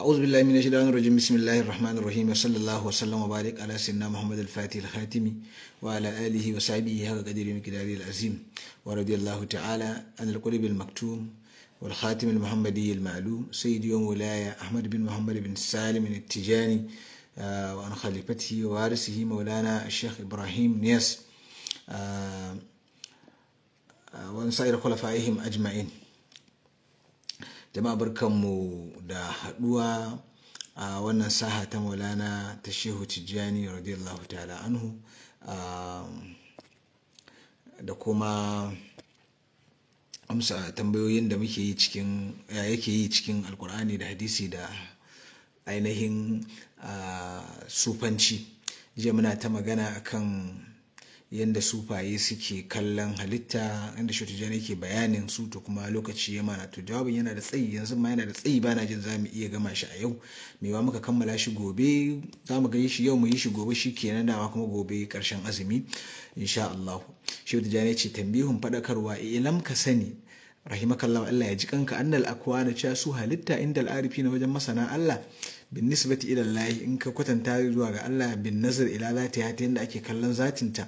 أعوذ بالله من الشيطان الرجيم بسم الله الرحمن الرحيم وصلى الله وسلم وبارك على سيدنا محمد الفاتح الخاتم وعلى آله وصحبه حق قدر مقداره العظيم ورضي الله تعالى عن القلب المكتوم والخاتم المحمدي المعلوم سيد يوم ولاية أحمد بن محمد بن سالم التجاني آه، وعن خليفته وارثه مولانا الشيخ إبراهيم نيس آه، آه، وعن سائر خلفائهم أجمعين jama'a barkanmu da haɗuwa a wannan saha ta maulana ta shehu tijjani radiyallahu ta'ala anhu um, da kuma amsa tambayoyin da muke yake yi cikin alkur'ani da hadisi da ainihin uh, sufanci jiya muna ta magana akan yadda sufaye suke kallon halitta inda shotijani ke bayanin su to kuma lokaci ya mana to jawabin yana da tsayi yanzu ma yana da tsayi bana jin za mu iya gama shi a yau me mewa muka kammala shi gobe za mu gani shi yau mu yi shi gobe shi nan dama kuma gobe karshen azumi insha Allah shi tijani ce tambihun fadakarwa ilam eh, ka sani rahimakallahu Allah ya ji kanka annal akwana cewa su halitta inda al'arifi na wajen masana Allah bin nisbati ila Allah in ka kwatanta zuwa ga Allah bin nazar ila zatiha ta yanda ake kallon zatinta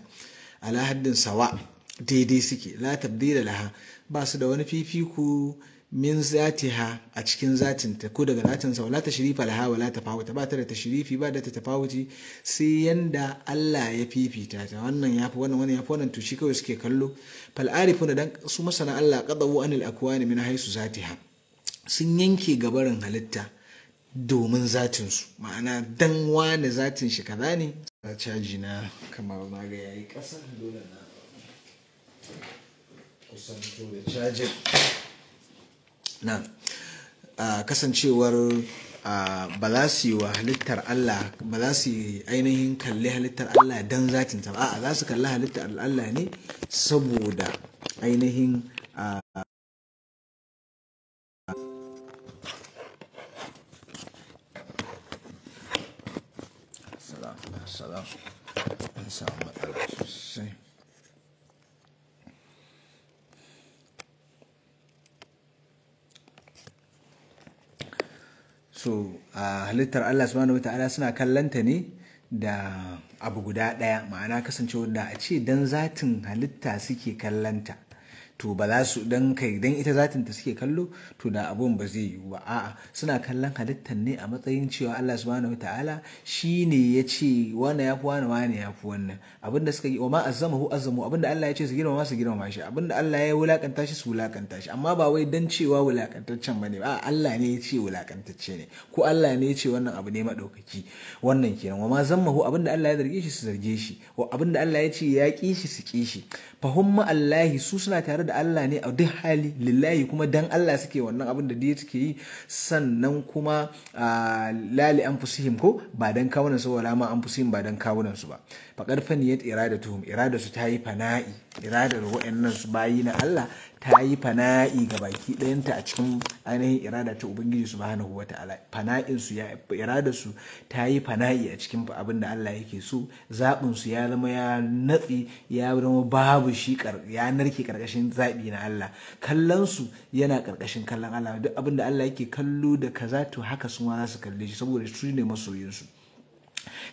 ala haddin sawa daidai suke la tabdila laha ba su da wani fifiko min zatiha a cikin zatinta ko daga zatin sa wala tashrifa laha wala tafawuta ba ta da tashrifi ba da tafawuti sai yanda Allah ya fifita ta wannan yafi wannan wannan yafi wannan to shi kawai suke kallo fal arifuna dan su masana Allah qadawu anil akwani min haisu zatiha sun yanke gabarin halitta domin zatinsu ma'ana dan wane zatin shi kaza ne caji na kamar ma ga yayi kasa dole na kusanto da cajin na kasancewar ba za su yi wa halittar Allah ba za su yi ainihin kalli halittar Allah don zatin ta ba a za su kalli halittar Allah ne saboda ainihin salam an so halittar Allah subhanahu wata'ala suna kallanta ne da abu guda daya ma'ana kasancewa da a ce dan zatin halitta suke kallanta to ba za su dan kai dan ita zatin ta suke kallo to da abun ba zai yiwu ba a'a suna kallon halittar ne a matsayin cewa Allah subhanahu wataala shine ya ce wannan ya fi wani wani ya fi wannan abinda suka yi wa ma azamahu azzamu abinda Allah ya ce su ma su girmama shi abinda Allah ya wulakanta shi su wulakanta shi amma ba wai dan cewa wulakantaccen bane ba Allah ne ya ce wulakantacce ne ko Allah ne ya ce wannan abu ne madaukaki wannan kenan wa ma zammahu abinda Allah ya zarge shi su zarge shi wa abinda Allah ya ce ya kishi shi su kishi. shi fahumma Allah su suna tare da Allah ne a duk hali lillahi kuma dan Allah suke wannan abin da dai suke yi sannan kuma lali an fusihim ko ba dan kawunan su wala ma an fusihim ba dan kawunan su ba fa karfan yat iradatuhum iradatu ta yi fana'i iradar wa'annan su bayi na Allah ta yi fana'i ga baki ɗayanta a cikin ainihin irada ta Ubangiji su subhanahu wa ta'ala fana'in su ya irada su ta yi fana'i a cikin abin da Allah yake so zaɓin su ya zama ya natsi ya zama babu shi ya narke karkashin zaɓi na Allah kallon su yana karkashin kallon Allah duk abin da Allah yake kallo da kaza to haka su ma za su kalle shi saboda su ne masoyin su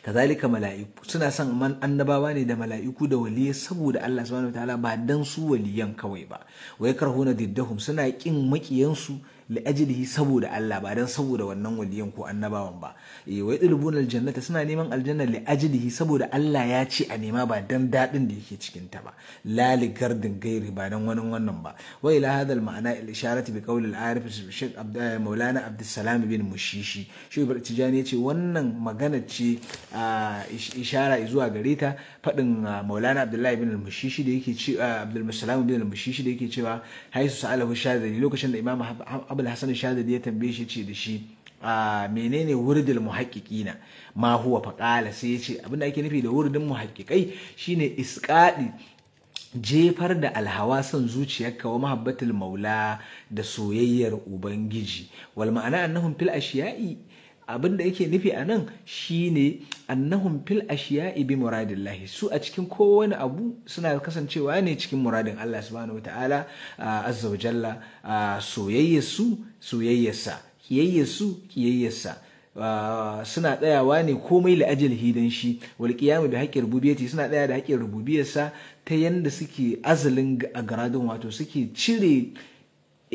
kazalika mala'iku suna son man annabawa ne da mala'iku da waliyya saboda Allah subhanahu wataala ba dan su waliyan kawai ba wai yakrahuna diddahum suna kin makiyansu li'ajlihi saboda Allah ba dan saboda wannan waliyan ko annabawan ba eh wai dilbun aljannata suna neman aljanna li'ajlihi saboda Allah ya ce a nema ba dan dadin da yake cikin ta ba la li gardin gairi ba dan wani wannan ba wa ila hadha al-ma'na al-isharati bi qawli al-arif Sheikh eh, Maulana Abdussalam bin Mushishi Sheikh Ibrahim Tijani ya ce wannan magana ce ah, ishara zuwa gare ta fadin ah, Maulana Abdullahi bin Mushishi da yake ce ah, Abdul Musallam bin Mushishi da yake cewa haisu sa'alahu shadali lokacin da Imam abul hasan shadadi ya tambaye shi ce da shi a menene wurdil muhaqqiqina ma huwa faqala sai ya ce abinda ake nufi da wurdin muhaqqiqai shine isqadi jefar da alhawa son zuciyarka wa mahabbatul maula da soyayyar ubangiji wal ma'ana annahum fil ashiya'i abin da yake nufi a nan shine annahun fil ashiya'i bi muradillahi su a cikin kowane abu suna kasancewa ne cikin muradin Allah subhanahu wataala azza wa jalla soyayyarsu soyayyarsa kiyayyarsu kiyayyarsa suna tsayawa ne komai la ajal hidan shi wal qiyamu bi haqqi rububiyyati suna tsaya da haƙƙin rububiyarsa ta yanda suke azalin a garadin wato suke cire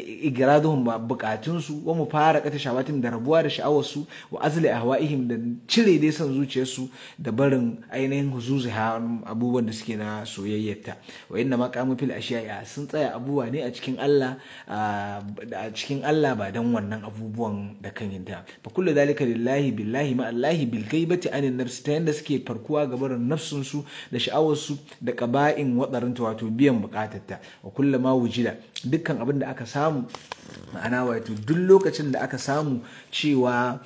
igiraduhum bukatunsu wa mu fara kata shawatin da rabuwa da sha'awarsu wa azli ahwaihim da cire dai san zuciyarsu da barin ainihin huzuzi abubuwan da suke na soyayyarta wa inna ma fil ashiya sun tsaya abubuwa ne a cikin Allah a cikin Allah ba dan wannan abubuwan da kan yinta fa kullu dalika lillahi billahi ma allahi bil ghaibati anin nafsi ta yanda suke farkuwa ga barin nafsun su da sha'awarsu da qaba'in ta wato biyan bukatarta wa kullu ma wujida dukkan abin da aka samu samu ma'ana wato duk lokacin da aka samu cewa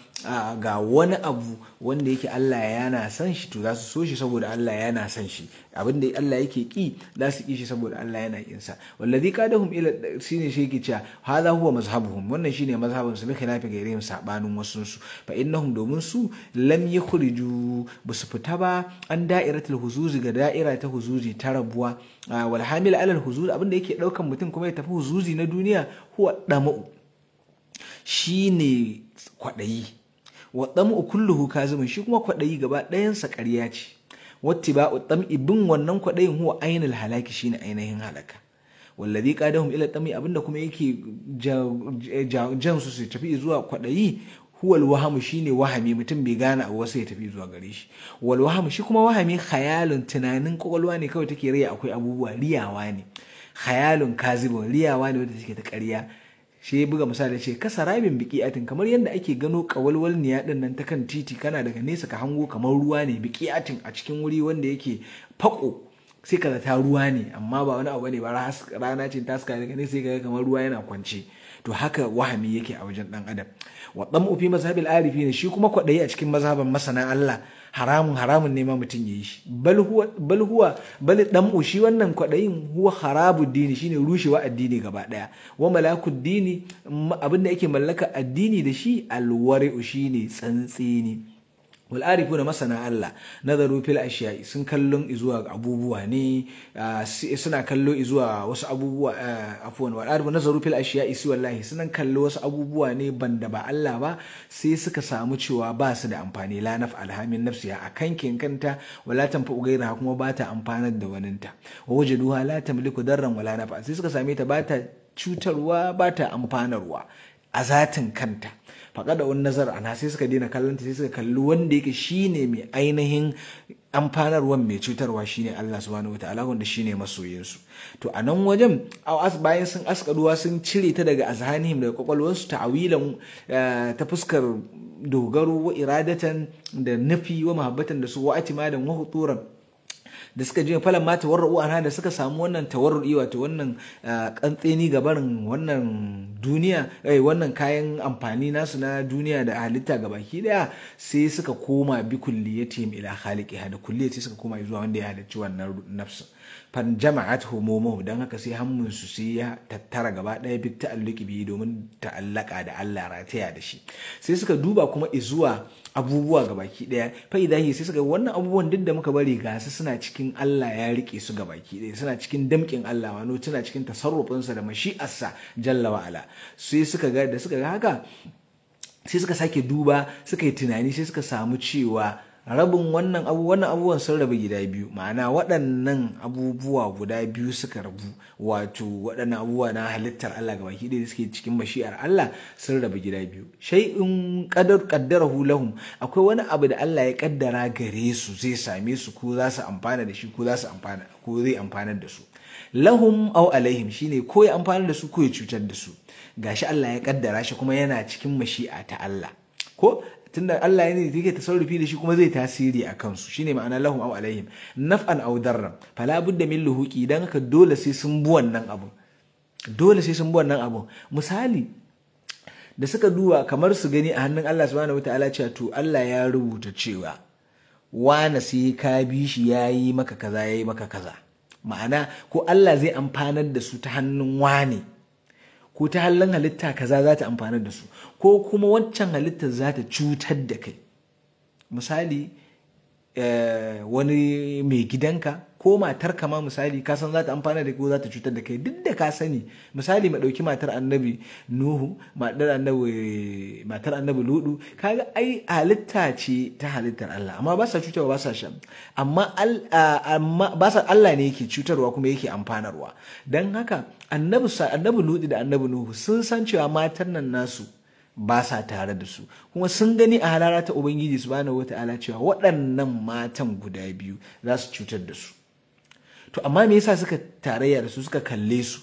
ga wani abu wanda yake Allah yana son shi to za su so shi saboda Allah yana son shi abin da Allah yake ki za su ki shi saboda Allah yana kin sa wallazi qadahum ila shine shi yake cewa hadha huwa mazhabuhum wannan shine mazhabun su na khilafi gairihim sabanin wasu su fa innahum domin su lam yakhriju su fita ba an da'iratul huzuzi ga da'ira ta huzuzi ta rabuwa wal hamil al huzuz abin da yake daukan mutum kuma ya tafi huzuzi na duniya huwa damu shine kwadayi wa damu kulluhu kazimun shi kuma kwadayi gaba ɗayansa ƙarya ce wattiba'u tam'i bin wannan kwaɗayin huwa ainul halaki shine ainihin halaka wallazi qadahum ila tam'i abinda kuma yake jan su su tafi zuwa kwaɗayi huwal wahamu shine wahami mutum bai gane abu wasu ya tafi zuwa gare shi walwahamu shi kuma wahami khayalun tunanin kwakwalwa ne kawai take riya akwai abubuwa riyawa ne khayalun kazibo riyawa ne wanda take ta karya. shi ya buga misali ce kasa rabin atin kamar yadda ake gano kawalwal niya din nan ta kan titi kana daga nesa ka hango kamar ruwa ne atin a cikin wuri wanda yake fako sai ka zata ruwa ne amma ba wani abu ne ba rana ce ta daga nesa sai ka kamar ruwa yana kwance to haka wahami yake a wajen dan adam wa damu fi mazhabil ne shi kuma kwaɗayi a cikin mazhaban masana Allah haramun haramun ne ma mutum yayi shi bal huwa bal huwa bal shi wannan kwaɗayin huwa harabu dini shine rushewa addini gaba daya wa malakud dini abinda yake mallaka addini da shi alwari'u ne tsantsini wal arifu da masana Allah nazaru fil ashiya sun kallon izuwa abubuwa ne suna kallo izuwa wasu abubuwa afwan wal arifu nazaru fil ashiya isi wallahi sunan kallo wasu abubuwa ne da ba Allah ba sai suka samu cewa ba su da amfani lana alhamin nafsiya a kankin kanta wala tanfa ugaira kuma ba ta amfanar da waninta wa wajaduha la tamliku darran sai suka same ta ba ta cutarwa ba ta amfanarwa a zatin kanta faƙa da wani nazar ana sai suka dina kallon ta sai suka kalli wanda yake shine mai ainihin amfanarwan mai cutarwa shine Allah subhanahu wataala wanda shine masoyinsu to a nan wajen bayan sun askaduwa sun cire ta daga azhanihim daga su tawilan eh, ta fuskar dogaro wa iradatan da nafi wa mahabbatan da su wa atimadan wa huturan da suka je falan ma tawarru anha da suka samu wannan tawarru'i wato wannan ah, kantseni ga wannan duniya eh, wannan kayan amfani nasu na duniya da halitta ga baki daya sai suka koma bi kulliyatihim ila khaliqiha da kulliyati suka koma zuwa wanda ya halicci wannan nafsin fan jama'at homomo don haka sai hammunsu sai ya tattara gaba ɗaya bik ta'alluki biyu domin ta'allaka da Allah rataya da shi sai suka duba kuma izuwa abubuwa gabaki ɗaya fa'idahi sai suka wannan abubuwan duk da muka bari ga su suna cikin Allah ya rike su gabaki ɗaya suna cikin damkin Allah wano suna cikin tasarrufinsa da mashi'arsa jalla wa'ala sai suka ga da suka ga haka sai suka sake duba suka yi tunani sai suka samu cewa rabin wannan abu wannan abubuwan sun rabu gida biyu ma'ana waɗannan abubuwa guda biyu suka rabu wato waɗannan abubuwa na halittar Allah ga baki ɗaya suke cikin mashi'ar Allah sun rabu gida biyu Sai qadar qaddarahu lahum akwai wani abu da Allah ya kaddara gare su zai same su ko za su amfana da shi ko za su amfana ko zai amfanar da su lahum aw alaihim shine ko ya amfana da su ko ya cutar da su gashi Allah ya kaddara shi kuma yana cikin mashi'a ta Allah ko tunda Allah ya ne yake tasarrufi da shi kuma zai tasiri a kansu shine ma'ana lahum aw alaihim naf'an aw darran fala budda min luhuqi dan haka dole sai sun bu wannan abu dole sai sun bu wannan abu misali da suka duba kamar su gani a hannun Allah subhanahu wataala cewa to Allah ya rubuta cewa wane sai ka bi shi yayi maka kaza yayi maka kaza ma'ana ko Allah zai amfanar da su ta hannun wane ko ta hallan halitta kaza za ta amfana da su ko kuma wancan halitta za ta cutar da kai misali eh, wani mai gidanka ko matar kama misali ka san za ta amfana da ko za ta cutar da kai duk da ka sani misali ma ɗauki matar annabi nuhu matar annabi ludu kaga ai halitta ce ta halittar Allah amma ba sa cutarwa ba sa shan amma Allah ne yake cutarwa kuma yake amfanarwa Don haka annabi ludu da annabi nuhu sun san cewa matar nan nasu ba sa tare da su kuma sun gani a halara ta ubangiji wata ala cewa waɗannan matan guda biyu za su cutar da su to amma me yasa suka tarayya da su suka kalle su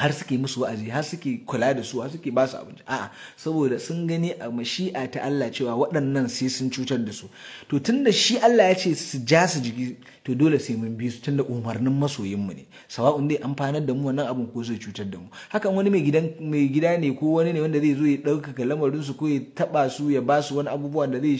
har suke musu wa'azi har suke kula da su har suke ba su abinci a'a saboda sun gani a mashi'a ta Allah cewa waɗannan sai sun cutar da su to tunda shi Allah ya ce su ja su jiki to dole sai mun bi su tunda umarnin masoyin mu ne sawa'un dai amfanar da mu wannan abin ko zai cutar da mu hakan wani mai gidan mai gida ne ko wani ne wanda zai zo ya ɗaukaka lamarin su ko ya taba su ya ba su wani abubuwa da zai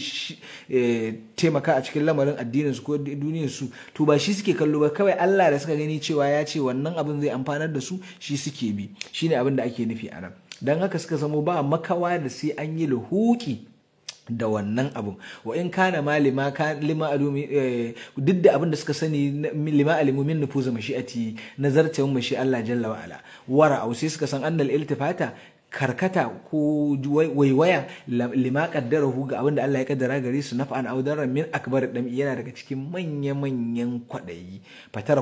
eh, taimaka a cikin lamarin addinin su ko duniyar su to ba shi suke kallo ba kawai Allah da suka gani cewa ya ce wannan abin zai amfanar da su shi suke bi shine abin da ake nufi a nan don haka suka zamo ba makawa da sai an yi luhuki da wannan abun wa in kana ma lima ka lima alumi eh, duk da abin da suka sani lima alimu min nufuza mashi'ati nazarta yawm mashi Allah jalla wa ala wara au sai suka san annal iltifata karkata ko waiwaya lima hu ga abin da Allah ya kaddara gare su na fa'an darran min akbar dam yana daga cikin manya manyan kwadayi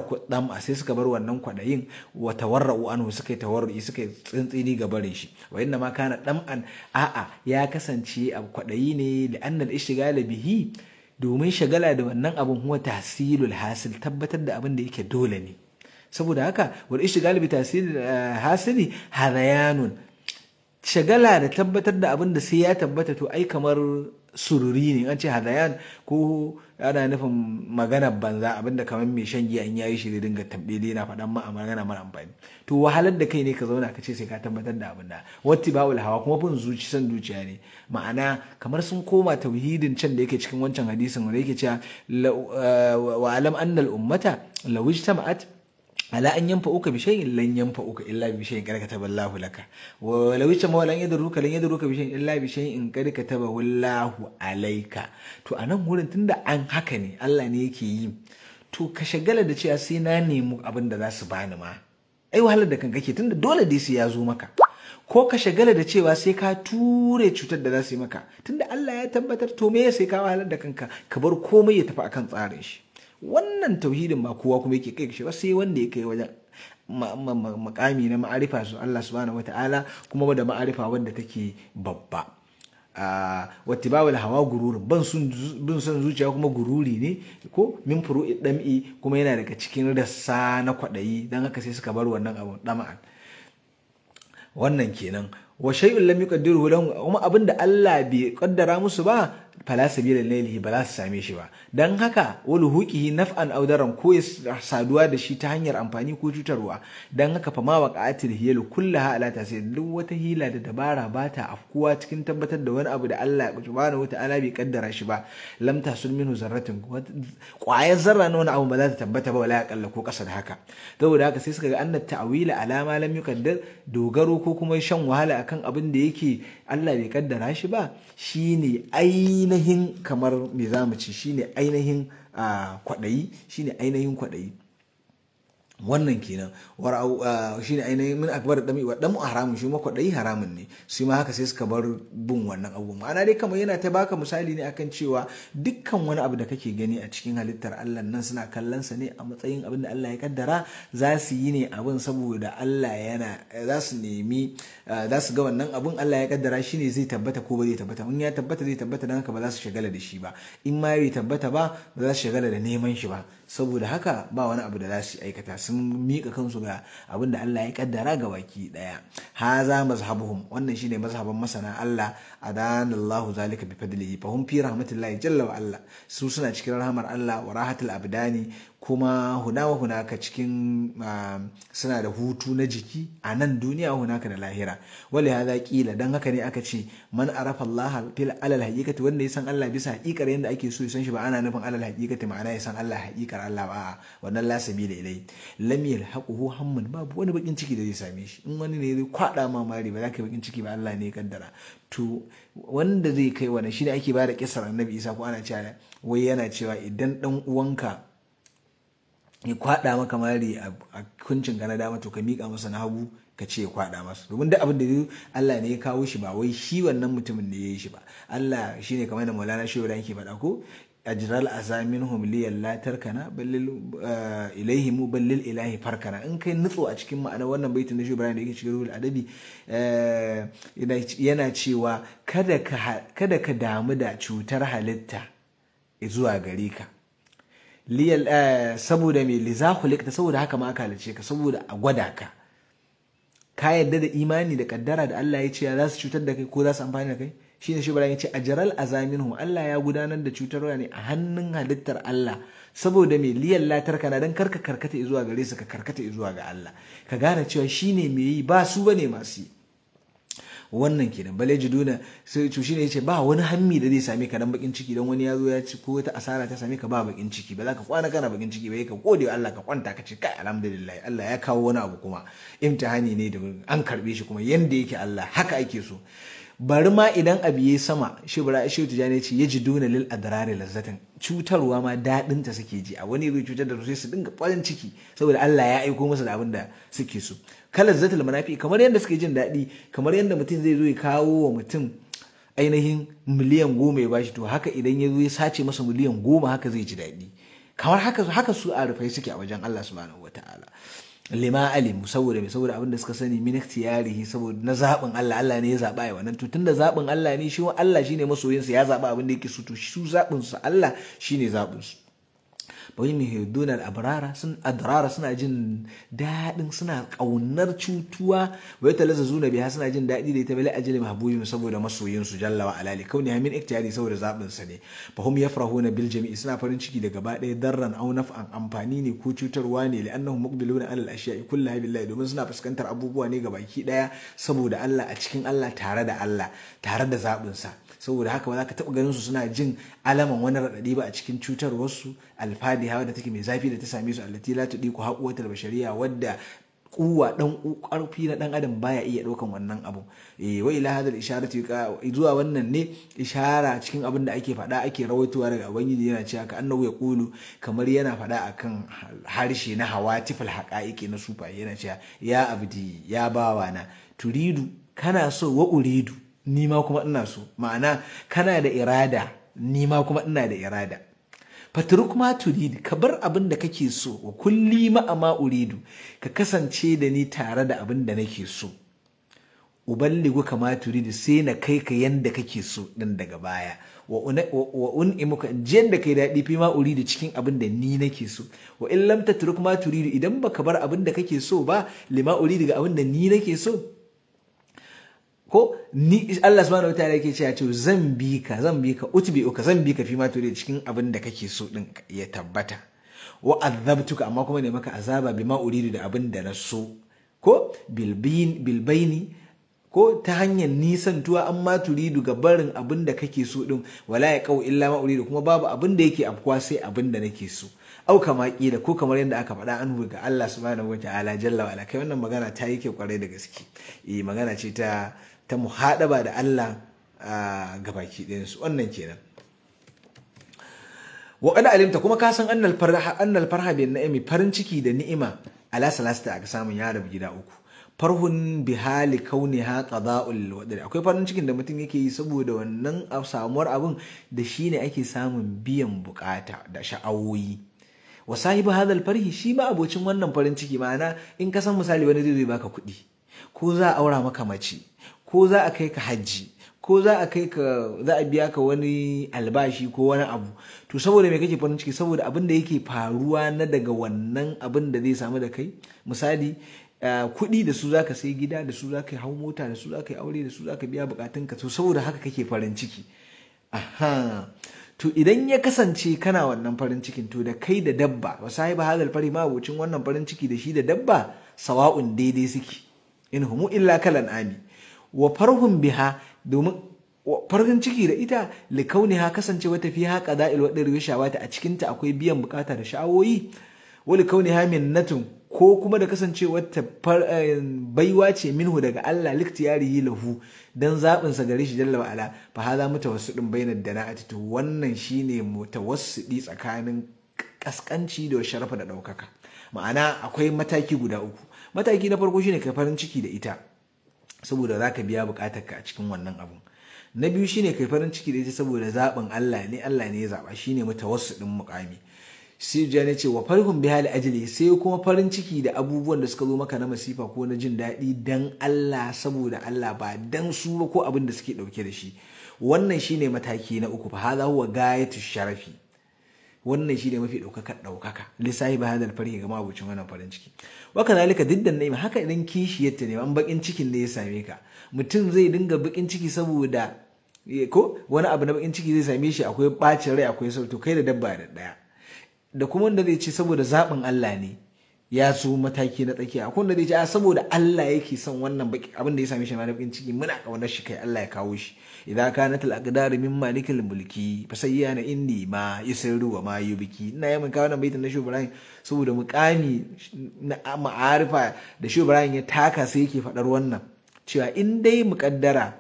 ku dam a sai suka bar wannan kwadayin wa tawarra'u anhu suka tawarru'i suka tsintsini ga bare shi wa inna ma kana a a'a ya kasance a kwadayi ne da annal ishtigal bihi domin shagala da wannan abun huwa tahsilul hasil tabbatar da abin da yake dole ne saboda haka wal ishtigal bi tahsilul eh, hasili hadayanun shagala da tabbatar da abin da sai ya tabbata to ai kamar sururi ne an ce hadayan ko ana nufin magana banza abinda kamar mai shan giya in yayi shi da dinga dai na faɗan ma a magana mara amfani to wahalar da kai ne ka zauna ka ce sai ka tabbatar da abin da wati ba hawa kuma bin zuci san zuciya ne ma'ana kamar sun koma tauhidin can da yake cikin wancan hadisin wanda yake cewa eh, wa alam annal ummata lawijtama'at ala an yanfa uka bi shay'in lan yanfa uka illa bi shay'in kada kataba Allahu laka wa law yata ma yadruka lan yadruka bi shay'in illa bi shay'in kada kataba alayka to anan gurin tunda an haka ne Allah ne yake yi to ka shagala da cewa sai na nemi abin da za su bani ma ai wahalar da kan kake tunda dole dai sai ya zo maka ko ka shagala da cewa sai ka ture cutar da zasu yi maka tunda Allah ya tabbatar to me sai ka wahalar da kanka ka bar komai ya tafi akan tsarin shi wannan tauhidin ba kowa kuma yake kai shi ba sai wanda ya kai wajen makami na ma'arifa su Allah subhanahu wata'ala kuma da ma'arifa wanda take babba wattibawul hawa gururin ban son zuciya kuma gururi ne ko min furu dam'i kuma yana daga cikin rassa na kwaɗayi don haka sai suka bar wannan abu dama'an wannan kenan wa shay'un lam yuqaddiru lahum kuma abinda Allah bai kaddara musu ba fala sabila nailihi ba za su same shi ba don haka wani hukihi naf'an audaran ko ya saduwa da shi ta hanyar amfani ko cutarwa don haka fama fa ma hiyalu kulla ha alata sai duk wata hila da dabara ba ta afkuwa cikin tabbatar da wani abu da Allah ya wata ala bai kaddara shi ba lamta sun minu zarratin kwayar zarra na wani abu ba za ta tabbata ba wala akalla ko kasa da haka saboda haka sai suka ga annat wila alama lam yuqaddar dogaro ko kuma shan wahala akan abin da yake Allah bai kaddara shi ba Shi ne ainihin kamar me mu ci shine ainihin ah, kwaɗayi shine ainihin kwaɗayi wannan kenan war ah, shi ne ainihin min akbar dami wa damu haramun shi ma yi haramun ne su ma haka sai suka bar bin wannan abu ma'ana dai kamar yana ta baka misali ne akan cewa dukkan wani abu da kake gani a cikin halittar Allah nan suna kallon sa ne a matsayin abin da Allah ya kaddara za su yi ne abin saboda Allah yana za su nemi ah, za su ga wannan abin Allah ya kaddara shi ne zai tabbata ko ba zai tabbata in ya tabbata zai tabbata dan haka ba za su shagala da shi ba in ma bai tabbata ba ba za su shagala da neman shi ba saboda haka ba wani abu da za su aikata sun miƙa kansu ga abin da Allah ya kaddara ga baki daya haza mazhabuhum wannan shine mazhaban masana Allah adana Allah zalika bi fadlihi fa hum fi rahmatillahi jalla wa Allah su suna cikin rahmar Allah wa rahatul abdani kuma hunawa hunaka cikin ah, suna da hutu na jiki a nan duniya hunaka da lahira wale ya kila don haka ne aka ce man arafa Allah fil alal haqiqati wanda ya san Allah bisa haqiqar yanda ake so ya san shi ba ana nufin alal haqiqati ma'ana ya san Allah haqiqar Allah ba wannan la da ilai lam yalhaquhu hammun babu wani bakin ciki da zai same shi in wani ne zai kwada ma mari ba za ka bakin ciki ba Allah ne ya kaddara to wanda zai kai wani shi ne ake bada kisar annabi Isa ko ana cewa wai yana cewa idan dan uwanka ya kwaɗa maka mari a kuncin ka na dama to ka miƙa masa na hagu ka ce ya kwaɗa masa domin duk abin da Allah ne ya kawo shi ba wai shi wannan mutumin ne ya yi shi ba Allah shi ne kamar da Maulana shi wadda yake faɗa ko ajral azamin humliyan la tarkana ballil eh, ilaihi mu ballil ilahi farkana in kai nutso a cikin ma'ana wannan baitin na Ibrahim da yake cikin ruhul adabi eh, yana cewa kada ka damu da cutar halitta zuwa gare ka Eh, saboda mai lizakulik saboda haka ma aka halice ka saboda a gwada ka ka yadda da imani da kaddara da Allah ya ce za su cutar da kai ko za su amfani da kai shine shi bayan ya ce ajral hu Allah ya gudanar da cutarwa ne a hannun halittar Allah saboda mai liyan latar kana dan karka karkata zuwa gare su ka karkata zuwa ga Allah ka gane cewa shi ne me yi ba su bane masu yi wannan kenan bale jiduna shi ne ya ce ba wani hammi da zai same ka dan bakin ciki dan wani ya zo ya ci ko wata asara ta same ka ba bakin ciki ba za ka kwana kana bakin ciki ba ka gode wa Allah ka kwanta ka ce kai alhamdulillah Allah ya kawo wani abu kuma imtihani ne da an karbe shi kuma yanda yake Allah haka ake so bari ma idan abu ya sama shi bara shi tijani ce ya ji duna lil adrari lazzatin cutarwa ma daɗinta suke ji a wani zai cutar da su su dinga farin ciki saboda Allah ya aiko masa da abin da suke so kala lazzatul manafi kamar yadda suke jin daɗi kamar yadda mutum zai zo ya kawo wa mutum ainihin miliyan goma ya bashi to haka idan ya zo ya sace masa miliyan goma haka zai ji daɗi kamar haka haka su a rufe suke a wajen Allah subhanahu wataala lima alimu saboda mai saboda da suka sani min ikhtiyarihi saboda na zabin Allah Allah ne ya zaɓa ya wannan to tunda zaɓin Allah ne shi Allah shine masoyinsa ya zaɓa abinda yake so to su zaɓin su Allah shine zaɓin su wahim yahduna al-abrara sun suna jin daɗin suna ƙaunar cutuwa wa yatalazazuna biha suna jin daɗi da ita bala ajli mahabubi saboda masoyin su jallawa wa alali kauni hamin ikhtiyari saboda zaɓin sa ne fa hum na bil jami'i suna farin ciki da gaba ɗaya darran aw naf'an amfani ne ko cutarwa ne li annahum muqbiluna ala al-ashya'i kullaha billahi domin suna fuskantar abubuwa ne gabaki ɗaya saboda Allah a cikin Allah tare da Allah tare da zaɓin sa saboda haka ba za ka taɓa ganin su suna jin alaman wani raɗaɗi ba a cikin cutar wasu cutarwarsu hawa da take mai zafi da ta same su allati la tudiku haquwatul bashariya wadda kuwa dan ƙarfi na dan adam baya iya daukan wannan abu eh wa ila hadal isharati zuwa wannan ne ishara cikin abin da ake faɗa ake rawaitowa daga ubangiji yana cewa ka annahu ya kulu kamar yana faɗa akan harshe na hawatiful haqaiqi na sufa yana cewa ya abdi ya bawana turidu kana so wa uridu ni kuma ina so ma'ana kana da irada ni kuma ina da irada fatruk ma turid ka bar abin da kake so wa kulli ma ama uridu ka kasance da ni tare da abin da nake so uballigu ma turid sai na kai ka yanda kake so din daga baya wa un imuka jiyan da kai daɗi fi ma uridu cikin abin da ni nake so wa in lam tatruk ma turidu idan baka bar abin da kake so ba lima uridu ga abin da ni nake so ko ni Allah subhanahu wataala yake cewa to zan bi ka zan bi ka utbi ka zan bi ka fi ma to dai cikin abin da kake so din ya tabbata wa azabtuka amma kuma ne maka azaba bima uridu da abin da na so ko bilbaini ko ta hanyar nisan tuwa an ma turidu ga barin abin da kake so din wala ya kau illa ma uridu kuma babu abin da yake afkuwa sai abin da nake so au kama kila ko kamar yadda aka faɗa an ga Allah subhanahu wataala jalla wa ala kai wannan magana ta yake ke kwarai da gaske eh magana ce ta ta muhaɗaba da Allah ga baki su wannan kenan wa qad alimta kuma ka san annal farha annal farha bin na'imi farin ciki da ni'ima ala salasta aka samun yaro gida uku farhun bi hali ha qada'ul wadari akwai farin cikin da mutum yake yi saboda wannan samuwar abun da shine ake samun biyan bukata da sha'awoyi wa sahibi hadal farhi shi ma abocin wannan farin ciki ma'ana in ka san misali wani zai baka kuɗi ko za a aura maka mace ko za a kai ka hajji ko za a kai ka za a biya ka wani albashi ko wani abu to saboda me kake farin ciki saboda abin da yake faruwa na daga wannan abin da zai samu da kai misali eh, kuɗi da su za ka sai gida da su za ka hau mota da su za ka yi aure da su za ka biya bukatunka to saboda haka kake farin ciki aha to idan ya kasance kana wannan farin cikin to da kai da dabba wasu sahiba hadal fari ma wannan farin ciki da shi da dabba sawa'un daidai suke in humu illa kalan ami wa farhun biha domin farin ciki da ita likauniha kasancewa fiha qada'il wa dirwi shawata a cikin ta akwai biyan bukata da sha'awoyi wa likauniha minnatun ko kuma da kasancewar ta eh, baiwa ce minhu daga Allah liktiyarihi lahu dan zabin sa gare shi jalla wa ala fa hadha mutawassidun bainad dana'ati wannan shine mutawassidi tsakanin kaskanci da sharafa da daukaka ma'ana akwai mataki guda uku mataki na farko shine kai farin ciki da ita saboda za ka biya ka a cikin wannan abun na biyu shine kai farin ciki da ita saboda zaɓin Allah ne Allah ne ya zaɓa shine ɗin muƙami sai ya ce wa farhun biya hali ajali sai kuma farin ciki da abubuwan da suka zo maka na masifa ko na jin daɗi dan Allah saboda Allah ba dan su ba ko abin da suke ɗauke da shi wannan shine mataki na uku fa huwa gayatu sharafi wannan shine mafi ɗaukaka ɗaukaka lissahi ba hadal farhi ga wannan farin ciki wa lika diddan ne haka idan kishiyarta ne an bakin cikin ne ya same ka mutum zai dinga bakin ciki saboda eh, ko wani abu na bakin ciki zai same shi akwai bacin rai akwai sauto kai da dabba da daya da kuma wanda zai ce saboda zaɓin Allah ne ya zo mataki na tsakiya akwai wanda zai ce a ah, saboda Allah yake son wannan baki abin da ya same shi ma bakin ciki muna kaunar shi kai Allah ya kawo shi idan ka na tal aqdar min malikil mulki fa sayyana inni ma yusirru wa ma biki, ina yi mun kawo nan baitin na Shehu Ibrahim saboda mukami na ma'arifa da Shehu Ibrahim ya taka sai yake fadar wannan cewa in dai muƙaddara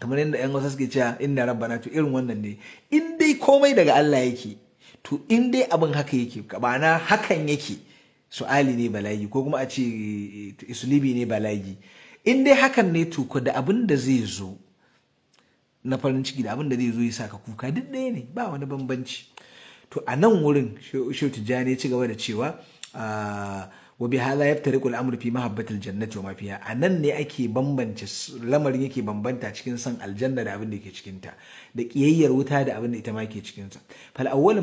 kamar yadda ƴan wasu suke cewa inna rabbana to irin wannan ne in dai komai daga Allah yake to in dai abin haka yake ba na hakan yake su'ali ne balagi ko kuma a ce eh, isulibi ne balagi in dai hakan ne tuko da abin da zai zo na farin ciki da abin da zai zo ya saka kuka duk ɗaya ne ba wani bambanci to a nan wurin shehu tijjani ya ci gaba da cewa ah, wa bi hadha yaftariqu al-amru fi jannati wa ma fiha anan ne ake bambance lamarin yake bambanta cikin san aljanna da abin da yake cikin da kiyayyar wuta da abin da ita ma yake cikin sa fal awwal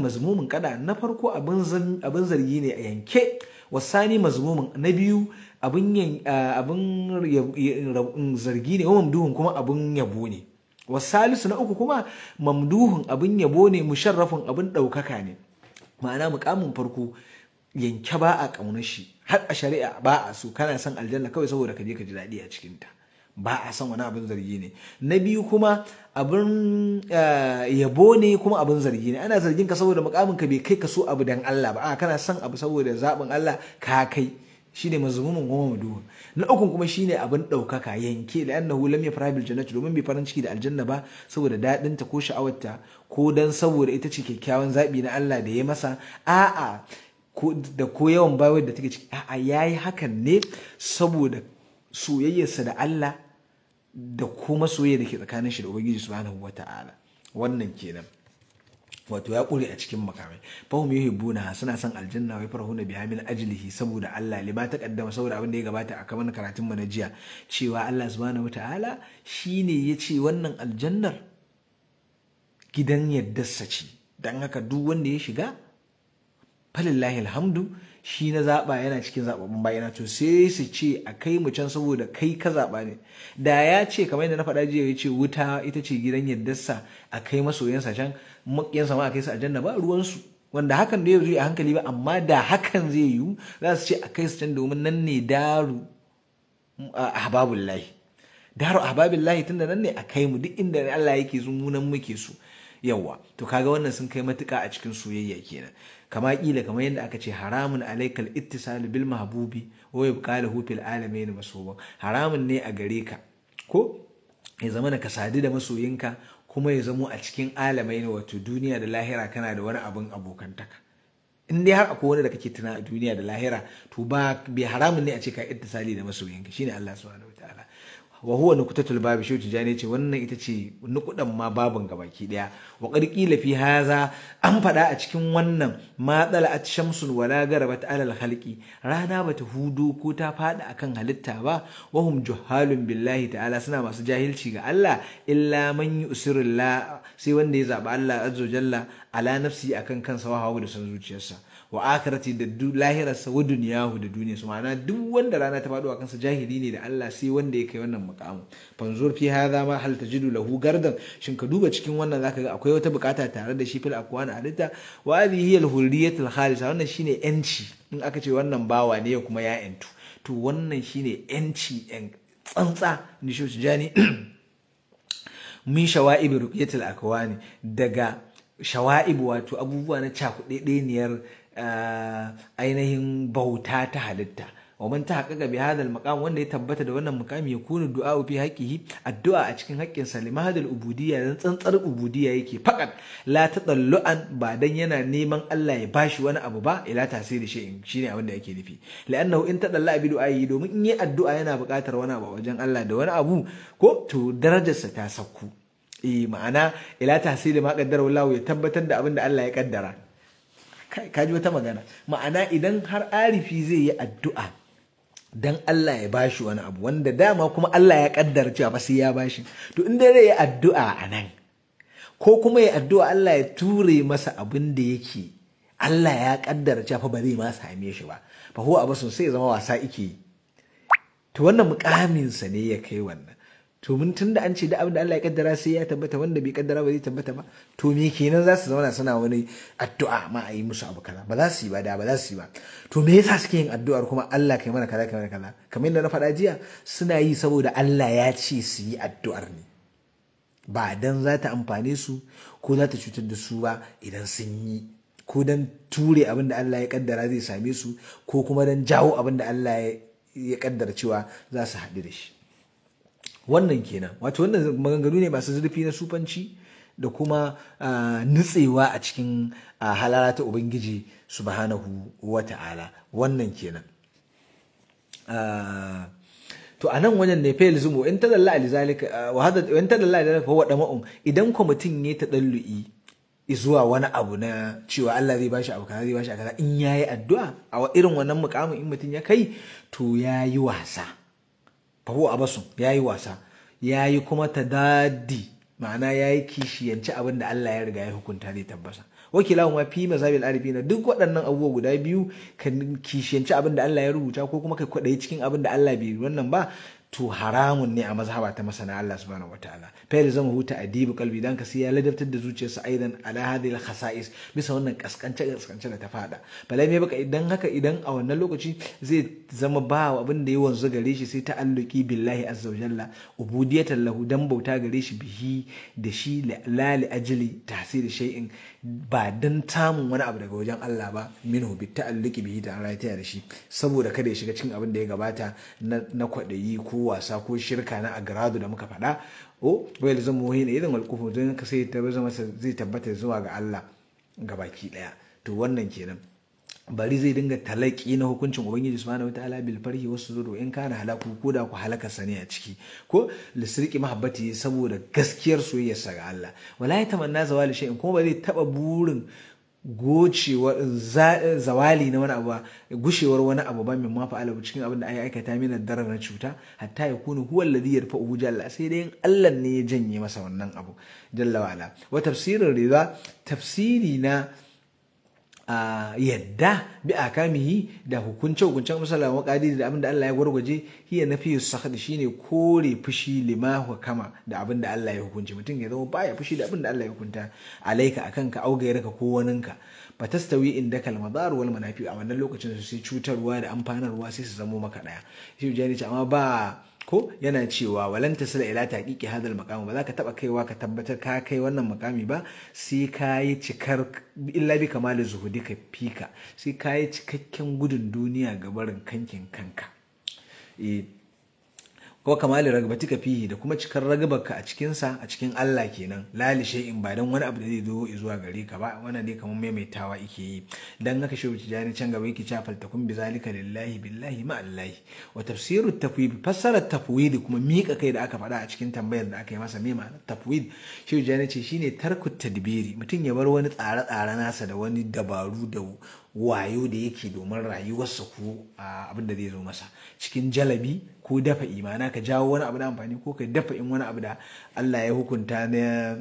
kada na farko abin zargi ne a yanke wasani mazmumun na biyu abin abin zargi ne wa mamduhun abin yabo ne wasalisu na uku kuma mamduhun abin yabo ne musharrafin abin ɗaukaka ne ma'ana mukamin farko yanke ba a ƙaunar shi har a shari'a ba a so kana son aljanna kawai saboda ka je ka ji daɗi a cikinta ba a son wani abin zargi ne na biyu kuma abin eh, yabo ne kuma abin zargi ne ana zargin ka saboda mukamin ka bai kai ka so abu dan Allah ba a kana son abu saboda zaɓin Allah ka kai shine mazmumin goma maduwa na ukun kuma shi ne abin ɗaukaka yanke da annahu lam yafra bil jannati domin bai farin ciki da aljanna ba saboda daɗinta ko sha'awarta ko dan saboda ita ce kyakkyawan zaɓi na Allah da ya masa a'a da ko yawan bayawar da take ciki a'a yayi hakan ne saboda soyayyarsa da Allah da kuma soyayya da ke tsakanin shi da Ubangiji subhanahu wata'ala wannan kenan wato ya ƙure a cikin makamai fahim yuhi suna son aljanna wai farhuna biya min ajlihi saboda Allah lima ta kaddama saboda abin da ya gabata a kaman karatun mu na jiya cewa Allah subhanahu wata'ala shine ya ce wannan aljannar gidan yaddarsa ce dan haka duk wanda ya shiga falillahi alhamdu shi na zaɓa yana cikin zaɓaɓɓun bayana to sai su ce a kai mu can saboda kai ka zaba ne da ya ce kamar yadda na faɗa jiya ya ce wuta ita ce gidan yardarsa a kai masoyansa can maƙiyansa ma a kai su aljanna ba ruwansu wanda hakan da ya zo a hankali ba amma da hakan zai yiwu za su ce a kai su can domin nan ne daru ahbabullahi daru ahbabullahi tunda nan ne a kai mu duk inda Allah yake zumunan muke so yawa to kaga wannan sun kai matuka a cikin soyayya kenan kama kila kamar yadda aka ce haramun alaikal ittisal bil mahbubi wa yabqalahu fil alamin masuban haramun ne a gare ka ko ya zama ka sadu da masoyinka kuma ya zamo a cikin alamai ne wato duniya da lahira kana da wani abin abokantaka in dai har akwai wani da kake tuna duniya da lahira to ba bai haramun ne a ce ka ittisali da masoyinka shine Allah subhanahu wataala wa huwa nukutatul babi shi tijani ce wannan ita ce nukudan ma babin gabaki daya wa qila fi haza an fada a cikin wannan ma at shamsun wala garabat alal halki rana bata hudu ko ta fada akan halitta ba wa hum juhalun billahi ta'ala suna masu jahilci ga Allah illa man yusirullah sai wanda ya zaba Allah azza jalla ala nafsi akan kansa wa hawa da san zuciyarsa wa akhirati da lahirarsa wa duniyahu da duniya su ma'ana duk wanda rana ta faɗo a kansa jahili ne da Allah sai wanda ya kai wannan muqamu fanzur fi hadha ma hal tajidu lahu gardan shin ka duba cikin wannan zaka ga akwai wata bukata tare da shi fil akwan alita wa hadhihi al al khalisa wannan shine yanci in aka ce wannan bawa ne kuma ya yantu to wannan shine yanci yan tsantsa ni shi jani min shawa'ibi ruqyatul akwani daga shawa'ib wato abubuwa na cakuɗeɗeniyar ainihin bauta ta halitta wa man tahaqqaqa bi hadha al wanda ya tabbata da wannan mukami ya kuna du'a fi haqqihi addu'a a cikin haƙƙin salima ubudiya hadal ubudiyya dan tsantsar ubudiyya yake fakat la tadallu'an ba dan yana neman Allah ya bashi wani abu ba ila tasiri shi shine abin da yake nufi la'annahu in tadalla bi du'a'i domin in yi addu'a yana buƙatar wani abu wajen Allah da wani abu ko to darajarsa ta sakku eh ma'ana ila tasiri ma qaddara wallahu ya tabbatar da abin da Allah ya kaddara Kaji ji wata magana ma'ana idan har arifi zai yi addu'a dan Allah ya bashi wani abu wanda dama kuma Allah ya kaddara cewa ba sai ya bashi to in dai zai yi addu'a a nan ko kuma ya addu'a Allah ya ture masa abin da yake Allah ya kaddara cewa fa ba zai ma same shi ba fa huwa abu sai ya zama wasa ike to wannan mukamin sa ne ya kai wannan to mun tunda an ce da abin da Allah ya kaddara sai ya tabbata wanda bai kaddara ba zai tabbata ba to me kenan za su zauna suna wani addu'a ma a yi musu abu kaza ba za su yi ba da ba za su yi ba to me yasa suke yin addu'ar kuma Allah kai mana kaza kai mana kaza kamar yadda na faɗa jiya suna yi saboda Allah ya ce su yi addu'ar ne ba dan za ta amfane su ko za ta cutar da su ba idan sun yi ko dan ture abin da Allah ya kaddara zai same su ko kuma dan jawo abin da Allah ya kaddara cewa za su haɗu da shi wannan kenan wato wannan maganganu ne masu zurfi na sufanci da kuma nutsewa a cikin halara ta ubangiji subhanahu wa ta'ala wannan kenan to a nan wajen ne fa in tadalla wa hada in ali zalika idan kwamitin mutum ta tadallu'i zuwa wani abu na cewa Allah zai bashi abu kaza zai bashi kaza in yayi addu'a a irin wannan mukamin in mutum ya kai to yayi wasa fahu basu ya yi wasa ya yi kuma ta tadadi ma'ana ya yi kishiyanci abin da Allah ya riga ya hukunta zai tabbasa wakila kuma fi mazabil na duk waɗannan abubuwa guda biyu ka kishiyanci abin da Allah ya rubuta ko kuma ka kwaɗayi cikin abin da Allah bai wannan ba to haramun ne a mazhaba ta masana Allah subhanahu wataala fa zama huta adibu kalbi dan ka sai ya ladabtar da zuciyarsa aidan ala hadhihi khasa'is bisa wannan kaskance kaskance da ta fada balai me baka idan haka idan a wannan lokaci zai zama ba abin da ya wanzu gare shi sai alluki billahi azza wa jalla ubudiyatan lahu dan bauta gare shi bihi da shi la li ajli tahsil shay'in ba don tamun wani abu daga wajen Allah ba minhu bi ta'alluqi bihi da rataya da shi saboda kada ya shiga cikin abin da ya gabata na kwaɗayi ko wasa ko shirka na agrado da muka faɗa o wai zan mu hina idan alƙufu don ka sai ta zama zai tabbata zuwa ga Allah gabaki daya to wannan kenan bari zai dinga talaki na hukuncin ubangiji subhanahu wataala bil farhi wasu zuru in kana halaku ko da ku halaka sani a ciki ko lisriki mahabbati saboda gaskiyar soyayyar sa ga Allah wala ya tamanna zawali shay'in kuma ba zai taba burin gocewar zawali na wani abu ba gushewar wani abu ba min ma alabu cikin abin da ai aikata mina darar na cuta hatta ya kunu ladhi yarfa yarfa'u jalla sai dai Allah ne ya janye masa wannan abu jalla wala wa tafsirin riza tafsiri na a yadda bi a kamihi da hukuncin hukuncin masala wa kadiri da abin da Allah ya gwargwaje hiya na fiye sakadi shine kore fushi lima hukama da abin da Allah ya hukunci mutum ya zama baya fushi da abin da Allah ya hukunta alaika akan ka auga raka ko waninka ta tastawi inda kalma daru wal manafi a wannan lokacin sai cutarwa da amfanarwa sai su zamo maka daya shi jani amma ba ko yana cewa walan sila ila taqiqi hadal maqam ba za ka taba kaiwa ka tabbatar ka kai wannan makami ba sai ka yi cikar illa bi kamal zuhudi ka fika sai ka yi cikakken gudun duniya ga barin kankin kanka eh, wa kamali ragbatika fihi da kuma cikar ragbarka a cikinsa a cikin Allah kenan lali in ba dan wani abu da zai zo zuwa gare ka ba wannan dai kamar maimaitawa ike yi dan haka wuce jani can gaba yake cewa bi zalika lillahi billahi ma allahi wa tafsiru tafwid fassara tafwid kuma mika kai da aka faɗa a cikin tambayar da aka yi masa me ma'ana tafwid wuce jani ce shine tarku tadbiri mutum ya bar wani tsare-tsare nasa da wani dabaru da wayo da yake domin rayuwarsa ko abin da zai zo masa cikin jalabi ko dafa imana ka jawo wani abu da amfani ko ka dafa in wani abu da Allah ya hukunta na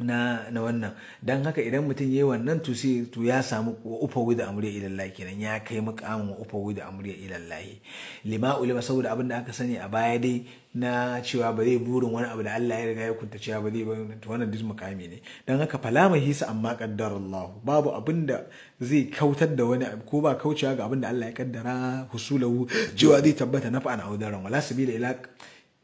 na na wannan dan haka idan mutum yayi wannan to sai to ya samu ufawi da amriya ilallahi kenan ya kai mukamin ufawi da amriya ilallahi lima ulama saboda abin da aka sani a baya dai na cewa ba zai burin wani abu da Allah ya riga ya kunta cewa ba zai ba wannan duk mukami ne dan haka fala hisa amma allahu babu abin da zai kautar da wani ko ba kaucewa ga abin da Allah ya kaddara husulahu cewa zai tabbata nafa'an audaran wala sabila ila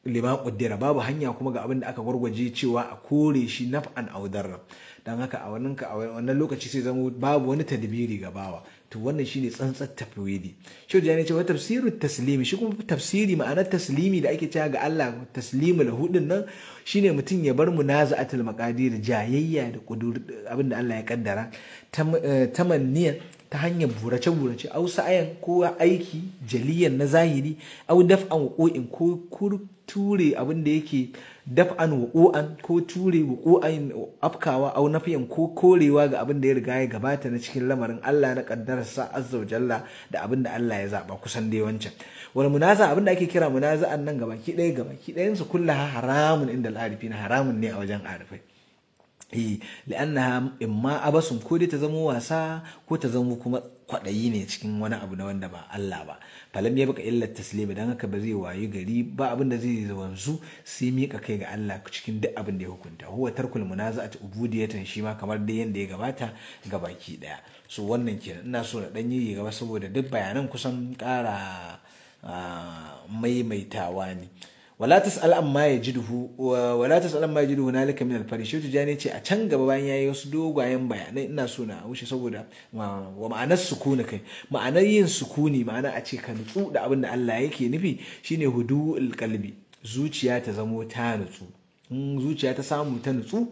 liman ƙuddira babu hanya kuma ga abin da aka gwargwaje cewa a kore shi naf'an audarra don haka a wannan a wannan lokaci sai zama babu wani tadbiri ga bawa to wannan shine tsantsar tafwidi shi da ce wa tafsiru taslimi shi kuma tafsiri ma'anar taslimi da ake cewa ga Allah taslimu lahu hudun nan shine mutum ya bar munaza'atul maqadir jayayya da kudur abin da Allah ya kaddara eh, tamanniya ta hanyar burace-burace au sa'ayan ko aiki jaliyan na zahiri au daf'an wuqu'in ko ture abin da yake daf'an wuqu'an ko ture wuqu'an afkawa au nafiyan ko korewa ga abin da ya riga ya gabata na cikin lamarin Allah na kaddararsa azza jalla da abin da Allah ya zaba kusan dai wancan Wani munaza abin da ake kira munaza'an nan gabaki ɗaya gabaki ɗayan su kullaha haramun inda al na haramun ne a wajen arifai eh la'annaha imma abasun ko dai ta zama wasa ko ta zama kuma kwaɗayi ne cikin wani abu na wanda ba Allah ba falam ya baka illa taslima dan haka ba zai wayi gari ba abin da zai wanzu sai mika kai ga Allah cikin duk abin da ya hukunta huwa tarkul munaza'at ubudiyatan shi ma kamar dai yanda ya gabata ga baki daya so wannan kenan ina so na dan yi gaba saboda duk bayanan kusan ƙara ah, maimaitawa ne wala tas'al amma yajiduhu wala tas'al amma yajiduhu nalika min al-farishi tujani ce a can gaba bayan ya yi wasu dogayen bayanai ina so na wuce saboda wa ma'anar sukuni kai ma'anar yin sukuni ma'ana a ce ka nutsu da abin da Allah yake nufi shine hudu ilkalbi. zuciya ta zamo ta nutsu zuciya ta samu ta nutsu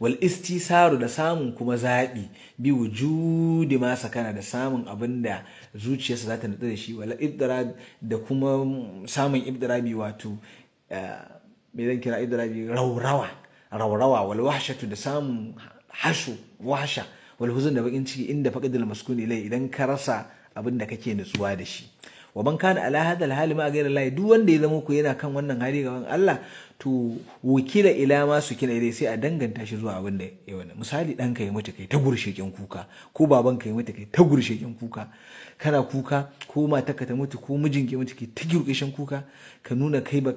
wal istisaru da samun kuma zaɓi bi wujudi ma sakana da samun abin da zuciyarsa za ta nutsu da shi wal ibdara da kuma samun bi wato eh, me zan kira ibdirabi raurawa raurawa wal wahshatu da samun hashu wahsha wal huzun da bakin ciki inda faqadul maskuni lai idan ka rasa abin da kake nutsuwa da shi wa ban kana ala hadal hali ma ghayra duk wanda ya zama ku yana kan wannan hali gaban Allah to wakila ila ma su kina dai sai a danganta shi zuwa abin da ya wani misali ɗanka ya mata kai ta gurshe kuka ko babanka ya mata kai ta gurshe kuka kana kuka ko mata ka ta mutu ko mijinki ya mutu ke ta girkishin kuka ka nuna kai ba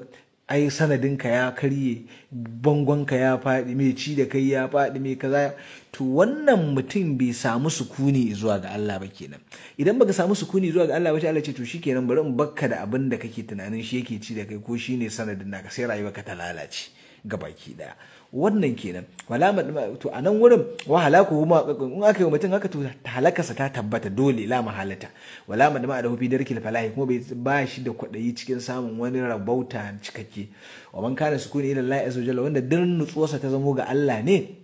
ai sanadinka ya karye bangonka ya faɗi mai ci da kai ya faɗi mai kaza to wannan mutum bai samu sukuni zuwa ga Allah ba kenan idan baka samu sukuni zuwa ga Allah ba Allah ce to shikenan bari in bakka da abin da kake tunanin shi yake ci da kai ko shine sanadin naka sai rayuwa ka ta lalace ga baki daya wannan kenan walama to a nan wurin wa halaku huma in aka yi mutum haka to halakarsa ta tabbata dole la mahalata wala madama da hufi darkil falahi kuma bai ba shi da kwaɗayi cikin samun wani rabauta cikakke wa man kana sukuni ila Allah azza wanda din nutsuwarsa ta zamo ga Allah ne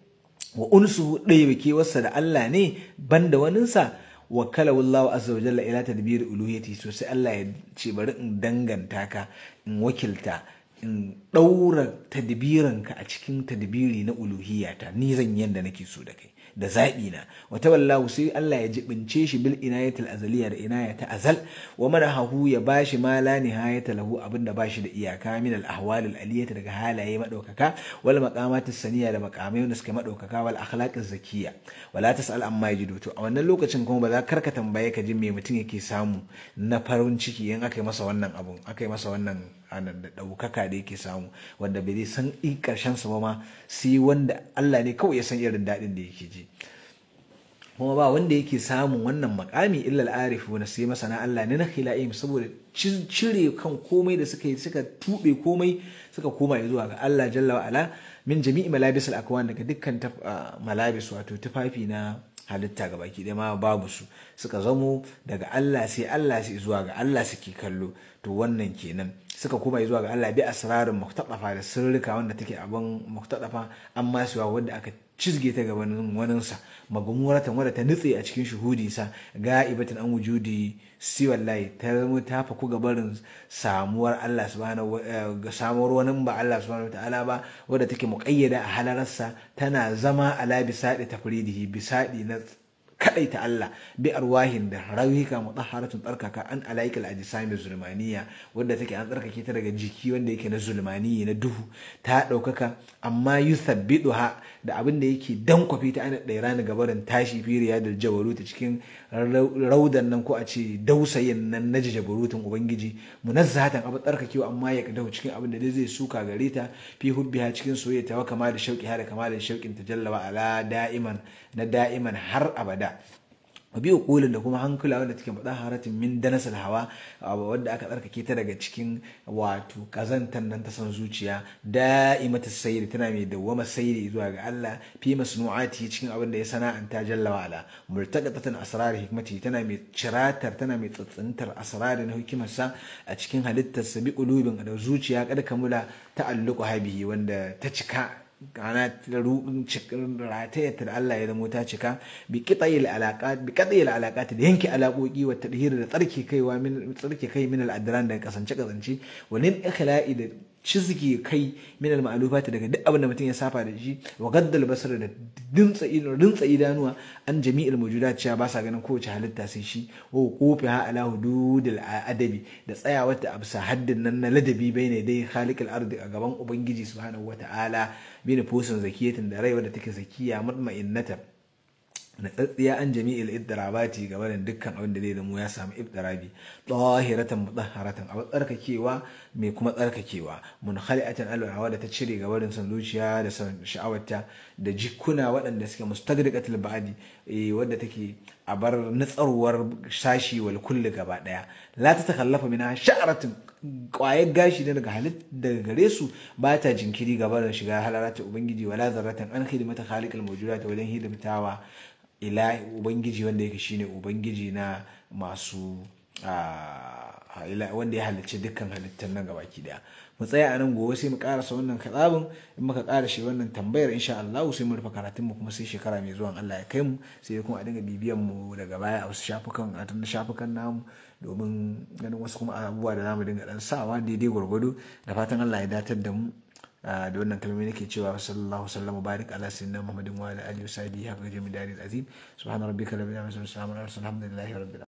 wa unsu ɗaya kewarsa da Allah ne ban banda waninsa wa kala wallawa azza wa jalla ila tadbir uluhiyati to sai Allah ya ce bari in danganta ka in wakilta in ɗaura ka a cikin tadbiri na uluhiyata ni zan yanda nake so da kai da zaɓi na wata Wallahu, sai Allah ya jibince shi bil inayatil azaliya da inaya ta azal wa mana hahu ya bashi ma la nihayata lahu abinda bashi da iyaka min al ahwal al aliyata daga halaye maɗaukaka, wal maqamat as saniya da maqamai wanda suke maɗaukaka wal akhlaq zakiya wala tasal amma ya yajidu to a wannan lokacin kuma ba za karka tambaye ka ji me mutum yake samu na farin ciki in aka masa wannan abun aka masa wannan subhanahu da ɗaukaka da yake samu wanda bai zai san i ƙarshen sa ba ma sai wanda Allah ne kawai ya san irin daɗin da yake ji kuma ba wanda yake samun wannan makami illa al'arif wanda sai masana Allah ne na khila'im saboda cire kan komai da suka yi suka tuɓe komai suka koma zuwa ga Allah jalla wa ala min jami'i malabis al'akwan daga dukkan malabis wato tufafi na halitta ga baki ɗaya ma babu su suka zamo daga Allah sai Allah sai zuwa ga Allah suke kallo to wannan kenan suka koma zuwa ga Allah bi asrarin muhtadafa da sirrika wanda take abin muhtadafa an masuwa wanda aka cizge ta gabanin sa magumuratan wanda ta nutse a cikin shuhudi ga ga'ibatin an wujudi si wallahi ta zama ta faku gabarin samuwar Allah subhanahu eh, samuwar wani ba Allah subhanahu ta'ala ba wanda take muqayyada a halararsa tana zama ala bisadi tafridihi bisadi na ta Allah bi arwahin da rauhika mutahharatun tsarkaka an alaikal ajsami zulmaniya wanda take an tsarkake ta daga jiki wanda yake na zulmani na duhu ta ɗaukaka amma yusabbiduha da abin da yake dan kwafi ta ana ɗaira ni gabarin tashi firiya da jabaruta cikin raudan nan ko a ce dausayin nan na jabarutun ubangiji munazzahatan abu tsarkakewa amma ya kadau cikin abin da zai suka gare ta fi ha cikin soyayya ta kama da shauki har kama da shaukin ta jallaba ala da'iman na da'iman har abada biyu kulin da kuma hankula wadda take faɗa haratin min danas hawa wadda aka tsarkake ta daga cikin wato kazantar nan ta san zuciya da'imata sayri tana mai dawwama sayri zuwa ga Allah fi masnu'ati cikin abin da ya sana'anta jalla wa ala murtaqatatan asrar hikmati tana mai ciratar tana mai tsatsantar asrar na hikimarsa a cikin halittar sa bi qulubin da zuciya kada kamula ta'alluqu habihi wanda ta cika kana ratayarta da Allah ya zamo ta cika bi qitayil alaqat bi qatayil alaqat da yanke alaƙoƙi wa tadhir da tsarki kaiwa min tsarki kai min al'adran da kasance kasance wa lil ikhla'i da cizge kai minal ma'alufati daga duk abin da mutum ya safa da shi wa gaddal basar da dintsa rintsa idanuwa an jami'il mawjudat cewa ba sa ganin kowace halitta sai shi wa qufi ha ala hududil adabi da tsayawar ta absa haddin nan na ladabi bayne dai khaliqil ardi a gaban ubangiji subhanahu wata'ala bin fusun zakiyatin da raiwa da take zakiya mutma'innata natsatsiya an jami'il iddarabati game da dukkan abin da zai zamo ya samu iddarabi a mutahharatan abu tsarkakewa mai kuma tsarkakewa munkhali'atan alwawa da ta cire gaba da son zuciya da son sha'awarta da jikuna waɗanda suke mustagriqatul ba'di eh, wadda take a bar natsarwar sashi wal kulli gaba daya la ta takallafa mina sha'aratin kwayar gashi ne daga halit daga gare su ba ta jinkiri gaba da shiga halarata ubangiji wala zarratan an khidmata khaliqal mawjudat wajen hidimtawa ilahi ubangiji wanda yake shine ubangiji na masu wanda ya halicci dukkan halittar nan gabaki daya mu tsaya a nan gobe sai mu karasa wannan katsabin in muka karashe wannan tambayar insha Allah sai mu rufe karatun mu kuma sai shekara mai zuwan Allah ya kai mu sai kuma a dinga bibiyan mu daga baya a wasu shafukan a shafukan namu domin ganin wasu kuma abubuwa da zamu dinga dan sawa daidai gwargwado da fatan Allah ya datar da mu Ah, da wannan kalmomi nake cewa sallallahu sallam barik ala sayyidina muhammadin wa ala alihi wa sahbihi haka jami'in dalil azim subhana rabbika rabbil izzati wa salamun ala al-mursalin alhamdulillahi